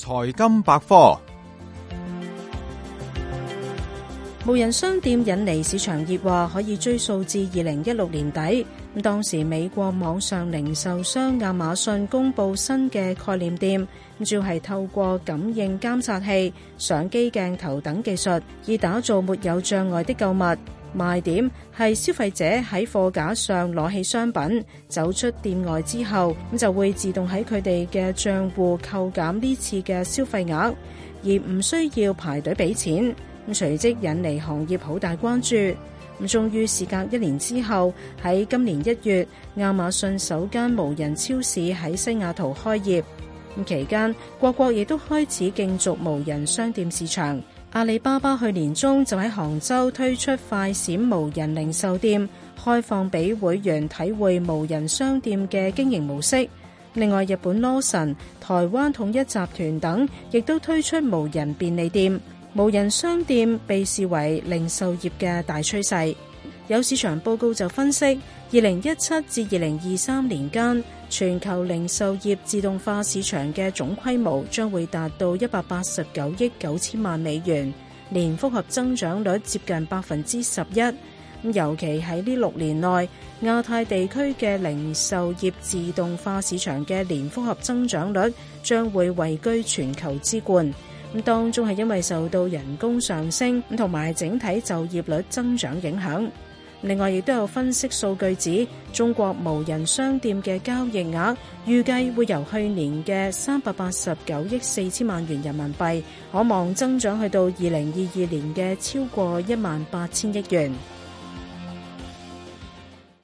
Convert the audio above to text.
財金百科。無人商店引嚟市場熱話，可以追溯至二零一六年底。當時美國網上零售商亞馬遜公佈新嘅概念店，就係透過感應監察器、相機鏡頭等技術，以打造沒有障礙的購物。賣點係消費者喺貨架上攞起商品，走出店外之後，咁就會自動喺佢哋嘅賬戶扣減呢次嘅消費額，而唔需要排隊俾錢。隨即引嚟行業好大關注。咁，終於時隔一年之後，喺今年一月，亞馬遜首間無人超市喺西雅圖開業，咁期間各國亦都開始競逐無人商店市場。阿里巴巴去年中就喺杭州推出快閃無人零售店，開放俾會員體會無人商店嘅經營模式。另外，日本羅森、台灣統一集團等亦都推出無人便利店。無人商店被視為零售業嘅大趨勢，有市場報告就分析，二零一七至二零二三年間，全球零售業自動化市場嘅總規模將會達到一百八十九億九千萬美元，年複合增長率接近百分之十一。咁尤其喺呢六年內，亞太地區嘅零售業自動化市場嘅年複合增長率將會位居全球之冠。咁當中係因為受到人工上升，同埋整體就業率增長影響。另外，亦都有分析數據指，中國無人商店嘅交易額預計會由去年嘅三百八十九億四千萬元人民幣，可望增長去到二零二二年嘅超過一萬八千億元。